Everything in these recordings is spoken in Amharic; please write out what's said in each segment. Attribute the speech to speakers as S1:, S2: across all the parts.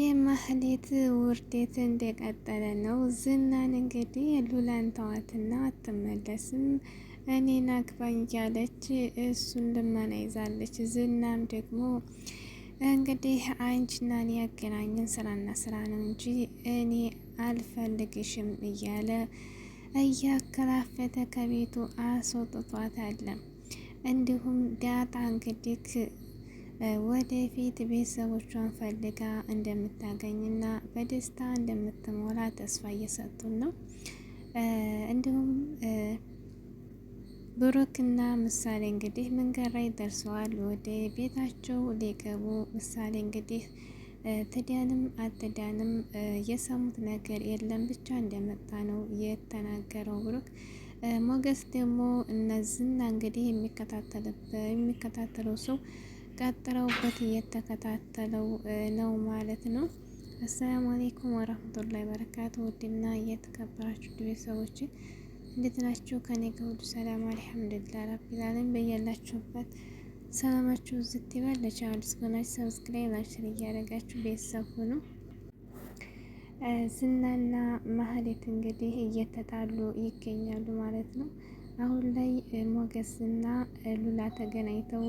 S1: የማህሌት ውርደት እንደቀጠለ ነው። ዝናን እንግዲህ ሉላን ተዋትና አትመለስም እኔን አግባኝ እያለች እሱን ልመና ይዛለች። ዝናም ደግሞ እንግዲህ አንቺና እኔ ያገናኘን ስራና ስራ ነው እንጂ እኔ አልፈልግሽም እያለ እያከራፈተ ከቤቱ አስወጥቷታል። እንዲሁም ዳጣ እንግዲህ ወደፊት ቤተሰቦቿን ፈልጋ እንደምታገኝና በደስታ እንደምትሞላ ተስፋ እየሰጡን ነው። እንዲሁም ብሩክና ምሳሌ እንግዲህ መንገድ ላይ ደርሰዋል። ወደ ቤታቸው ሊገቡ ምሳሌ እንግዲህ ትዳንም አትዳንም የሰሙት ነገር የለም ብቻ እንደመጣ ነው የተናገረው ብሩክ። ሞገስ ደግሞ እነዝና እንግዲህ የሚከታተለው ሰው ቀጥረውበት እየተከታተለው ነው ማለት ነው። አሰላሙ አሌይኩም ወረህመቱላሂ በረካቱ ውድና እየተከበራችሁ ድቤት እንዴት ናችሁ? ከኔ ከሁሉ ሰላም አልሐምዱሊላህ ረቢል ዓለሚን። በያላችሁበት ሰላማችሁ ዝት ይበል። ለቻናል ስኮናችሁ ሰብስክራይብ፣ ላይክ እያደረጋችሁ ቤተሰብ ሁኑ። ዝናና ማህሌት እንግዲህ እየተጣሉ ይገኛሉ ማለት ነው። አሁን ላይ ሞገስና ሉላ ተገናኝተው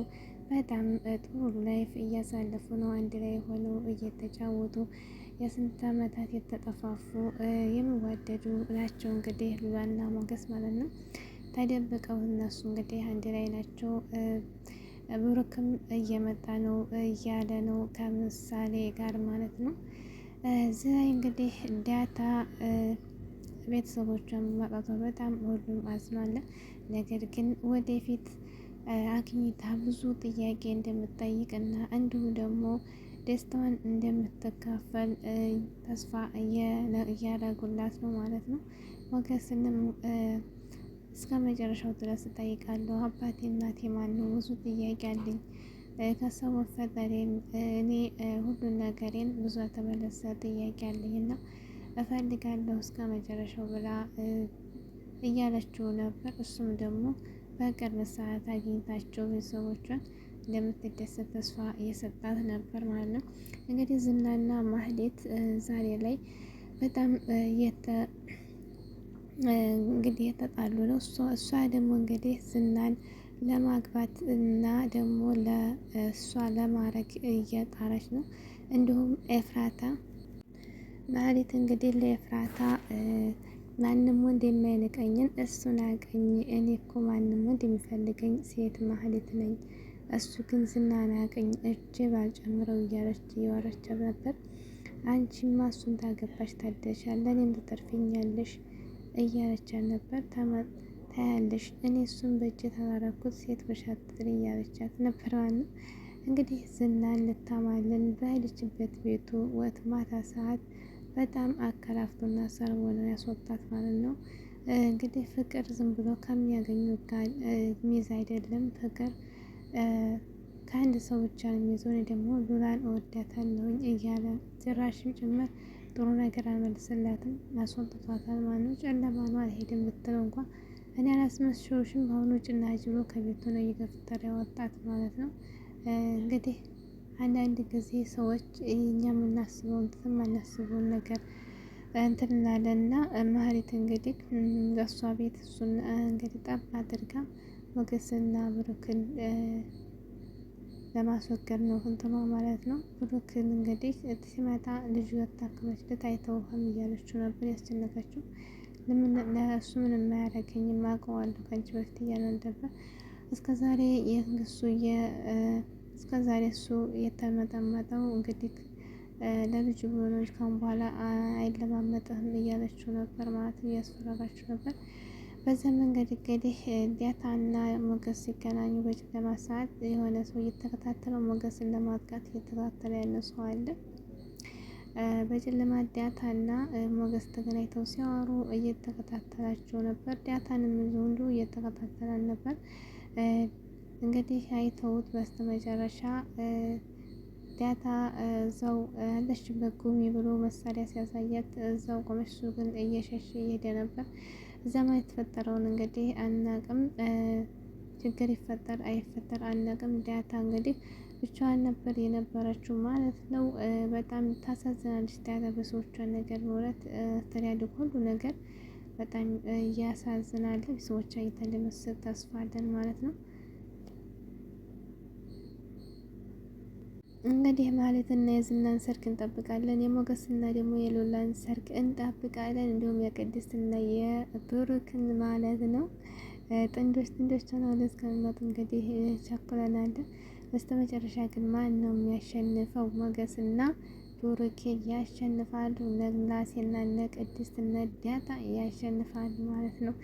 S1: በጣም ጥሩ ላይፍ እያሳለፉ ነው። አንድ ላይ ሆነው እየተጫወቱ የስንት አመታት የተጠፋፉ የሚዋደዱ ናቸው። እንግዲህ ሉላና ሞገስ ማለት ነው። ተደብቀው እነሱ እንግዲህ አንድ ላይ ናቸው። ብሩክም እየመጣ ነው እያለ ነው ከምሳሌ ጋር ማለት ነው። እዚህ ላይ እንግዲህ ዳታ ቤተሰቦቿን ማጣቷ በጣም ሁሉም አዝኗል። ነገር ግን ወደፊት አግኝታ ብዙ ጥያቄ እንደምትጠይቅና እንዲሁም ደግሞ ደስታዋን እንደምትካፈል ተስፋ እያደረጉላት ነው ማለት ነው። ሞገስንም እስከ መጨረሻው ድረስ እጠይቃለሁ፣ አባቴ እናቴ ማን ነው? ብዙ ጥያቄ አለኝ ከሰው መፈጠሬን እኔ ሁሉን ነገሬን ብዙ ያልተመለሰ ጥያቄ አለኝና እፈልጋለሁ እስከ መጨረሻው ብላ እያለችው ነበር እሱም ደግሞ በቅርብ ሰዓት አግኝታቸው ቤተሰቦቿን እንደምትደሰት ተስፋ እየሰጣት ነበር ማለት ነው። እንግዲህ ዝናና ማህሌት ዛሬ ላይ በጣም የተ እንግዲህ የተጣሉ ነው። እሷ ደግሞ እንግዲህ ዝናን ለማግባት እና ደግሞ ለእሷ ለማረግ እየጣረች ነው። እንዲሁም ኤፍራታ ማህሌት እንግዲህ ለኤፍራታ ማንም ወንድ የማይንቀኝን እሱን አቀኝ። እኔ እኮ ማንም ወንድ የሚፈልገኝ ሴት ማህሌት ነኝ፣ እሱ ግን ዝናን አቀኝ። እጅ ባልጨምረው እያለች እያወራቻት ነበር። አንቺማ እሱን ታገባሽ ታደሻል፣ ለእኔም ትተርፊኛለሽ እያለቻት ነበር። ታያለሽ፣ እኔ እሱን በእጅ ተባረኩት ሴት በሻትር እያለቻት ነበር። እንግዲህ ዝናን ልታማልን በሄደችበት ቤቱ ወት ማታ ሰዓት በጣም አከላፍቶና ሰርቦ ነው ያስወጣት ማለት ነው። እንግዲህ ፍቅር ዝም ብሎ ከሚያገኙ ጋር ሚዝ አይደለም። ፍቅር ከአንድ ሰው ብቻ የሚይዘው እኔ ደግሞ ሉላን እወዳታለሁኝ እያለ ጭራሽም ጭምር ጥሩ ነገር አልመልስላትም። አስወጥቷታል ማለት ነው። ጨለማ ነው አልሄድም ብትለው እንኳ እኔ አላስመስሽዎሽም በአሁኑ ጭና ጅሎ ከቤቱ ነው እየገፍተር ያወጣት ማለት ነው እንግዲህ አንዳንድ ጊዜ ሰዎች እኛ እንትን የማናስበውን ነገር እንትን እንላለንና ማህሌት እንግዲህ ለእሷ ቤት እሱን እንግዲህ ጠብ አድርጋ ሞገስና ብሩክን ለማስወገድ ነው እንትኗ ማለት ነው። ብሩክን እንግዲህ ሲመጣ ወጣ ያታከመችለት አይተውህም እያለችው ነበር ያስጨነቀችው። ለእሱ ምንም አያደርገኝም አውቀዋለሁ ከአንቺ በፊት እያለ ነበር እስከ ዛሬ የእሱ እስከ ዛሬ እሱ የተመጠመጠው እንግዲህ ለልጁ ብሎኖች ካሁን በኋላ አይለማመጥህም እያለችው ነበር፣ ማለትም እያስፈራራችው ነበር። በዚያ መንገድ እንግዲህ ዲያታና ሞገስ ሲገናኙ በጨለማ ሰዓት የሆነ ሰው እየተከታተለው ሞገስን ለማጥቃት እየተከታተለ ያለ ሰው አለ። በጨለማ ዲያታና ሞገስ ተገናኝተው ሲያወሩ እየተከታተላቸው ነበር። ዲያታንም ይዞ እየተከታተላል ነበር። እንግዲህ አይተውት በስተመጨረሻ ዳታ እዛው አለችበት ጉሚ ብሎ መሳሪያ ሲያሳያት እዛው ቆመች። እሱ ግን እየሸሸ እየሄደ ነበር። እዛማ የተፈጠረውን እንግዲህ አናቅም፣ ችግር ይፈጠር አይፈጠር አናቅም። ዳታ እንግዲህ ብቻዋን ነበር የነበረችው ማለት ነው። በጣም ታሳዝናለች ዳታ በሰዎቿ ነገር በእውነት ተዳድግ ሁሉ ነገር በጣም እያሳዝናለ ሰዎች አይተን ልንስብ ተስፋ አለን ማለት ነው። እንግዲህ ማለት እና የዝናን ሰርግ እንጠብቃለን። የሞገስና ደግሞ የሎላን ሰርግ እንጠብቃለን። እንዲሁም የቅድስትና የብሩክን ማለት ነው። ጥንዶች ጥንዶች ሆነው እስከሚመጡ እንግዲህ ቸኩለናል። በስተ መጨረሻ ግን ማን ነው የሚያሸንፈው? ሞገስና ብሩክ ያሸንፋሉ። ነግላሴና ነቅድስትና ዳጣ ያሸንፋሉ ማለት ነው።